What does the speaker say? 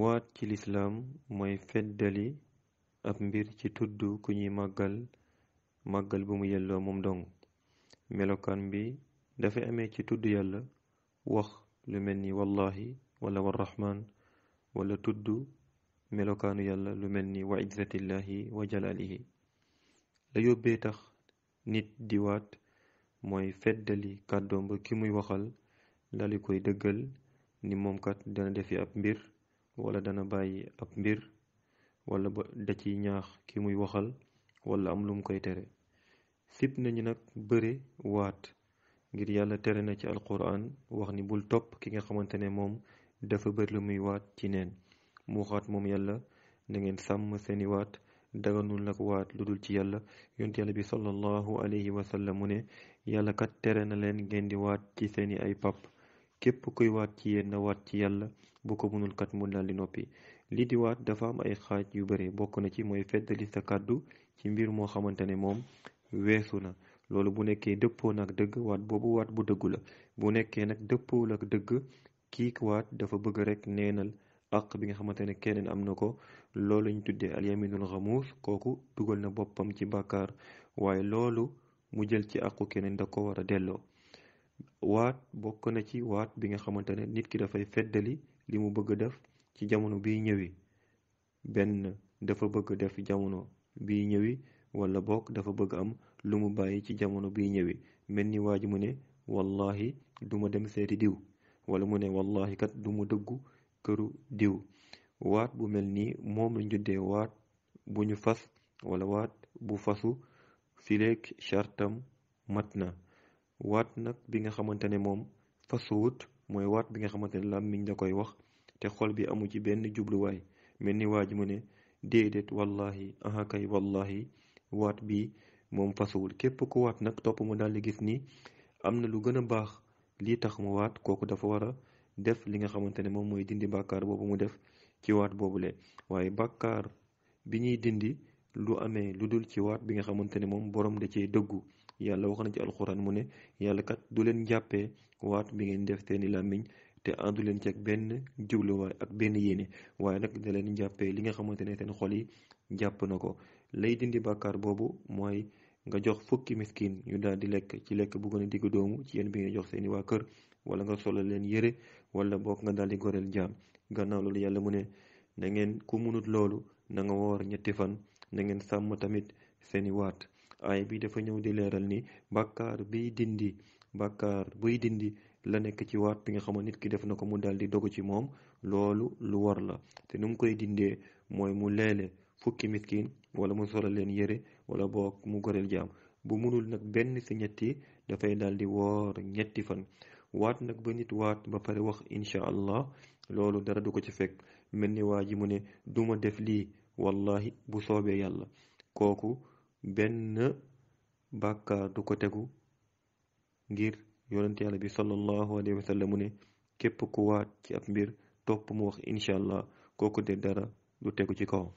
waat ci lislaam mooy feddali ab mbir ci tudd ku ñuy màggal màggal bu mu yelloo moom dong melokaan bi dafay amee ci tudd yàlla wax lu mel ni wallahi wala warrahman wala tudd melokaanu yàlla lu mel ni wa izzatillahi wa jalaalihi la yóbbee tax nit di waat mooy feddali kàddoom ba ki muy waxal dali koy dëggal ni moom kat dana defi ab mbir wala dana bàyyi ab mbir wala ba da ci ñaax ki muy waxal wala am lu mu koy tere sit nañu nag bëre waat ngir yàlla tere na ci alquran wax ni bul topp ki nga xamante ne moom dafa bëri lu muy waat ci neen mu waxaat moom yàlla na sàmm seeni waat daganul nag waat lu dul ci yàlla yont yàlla bi sallallahu alayhi wa mu ne yàlla kat tere na leen ngeen di waat ci seeni ay pap képp kuy waat ci yéen na waat ci yàlla bu ko mënul kat mu daal di noppi lii di waat dafa am ay xaaj yu bare bokk na ci mooy feddali sa kàddu ci mbir moo xamante ne moom weesu na loolu bu nekkee dëppoo nag dëgg waat boobu waat bu dëggu la bu nekkee nag dëppoowul ak dëgg kii waat dafa bëgg rek neenal àq bi nga xamante ne keneen am na ko loolu ñu tuddee alyaminul xamuus kooku dugal na boppam ci bàkkaar waaye loolu mu jël ci àqu keneen da ko war a delloo waat bokk na ci waat bi nga xamante ne nit ki dafay feddali li mu bëgg def ci jamono biy ñëwi benn dafa bëgg def jamono biy ñëwi walla bokk dafa bëgg am lu mu bàyyi ci jamono biy ñëwi mel ni waa ji mu ne wallahi du ma dem seeti diw wala mu ne wallahi kat duma dëggu këru diw waat bu mel nii moom lañ juddee waat bu ñu fas wala waat bu fasu fileek chartam mat na waat nag bi nga xamante ne moom fasuwut mooy waat bi nga xamante ne làmmiñ la koy wax te xol bi amu ci benn jubluwaay mel ni waa ji mu ne déedéet wallahi aha kay wallahi waat bi moom fasuwul képp ku waat nag topp mu daal gis ni am na lu gën a baax lii tax mu waat kooku dafa war a def li nga xamante ne moom mooy dindi bàkkaar boobu mu def ci waat le waaye bàkkaar bi ñuy dindi lu amee lu dul ci waat bi nga xamante ne moom borom da cee dëggu yàlla wax na ci alxuraan mu ne yàlla kat du leen jàppee waat bi ngeen def seeni làmmiñ te du leen ci ak benn jubluwaay ak benn yéene waaye nag da leen jàppee li nga xamante ne seen xol yi jàpp na ko lay dindi bàkkaar boobu mooy nga jox fukki miskin ñu daal di lekk ci lekk bu gën a doomu ci yéen bi nga jox seeni waa kër wala nga solal leen yére wala bokk nga daal di goreel jaam gannaaw loolu yàlla mu ne na ngeen ku munut loolu na nga woor fan na ngeen sàmm tamit seeni waat aay bi dafa ñëw di leeral ni bàkkaar biy dindi bàkkaar buy dindi la nekk ci waat bi nga xam nit ki def na ko mu daal di dogu ci moom loolu lu war la te nu mu koy dindee mooy mu leele fukki miskin wala mu solal leen yére wala boog mu goreel jaam bu munul nag benn si ñetti dafay daal di woor ñetti fan waat nag ba nit waat ba pare wax incha allah loolu dara du ko ci fekk mel ni waa ji mu ne duma def lii wallahi bu soobee yàlla kooku benn bàkkaar du ko tegu ngir yonent yàlla bi sallallahu alayhi wa mu ne képp ku waat ci ab mbir topp mu wax incha allah kooku de dara du tegu ci kawam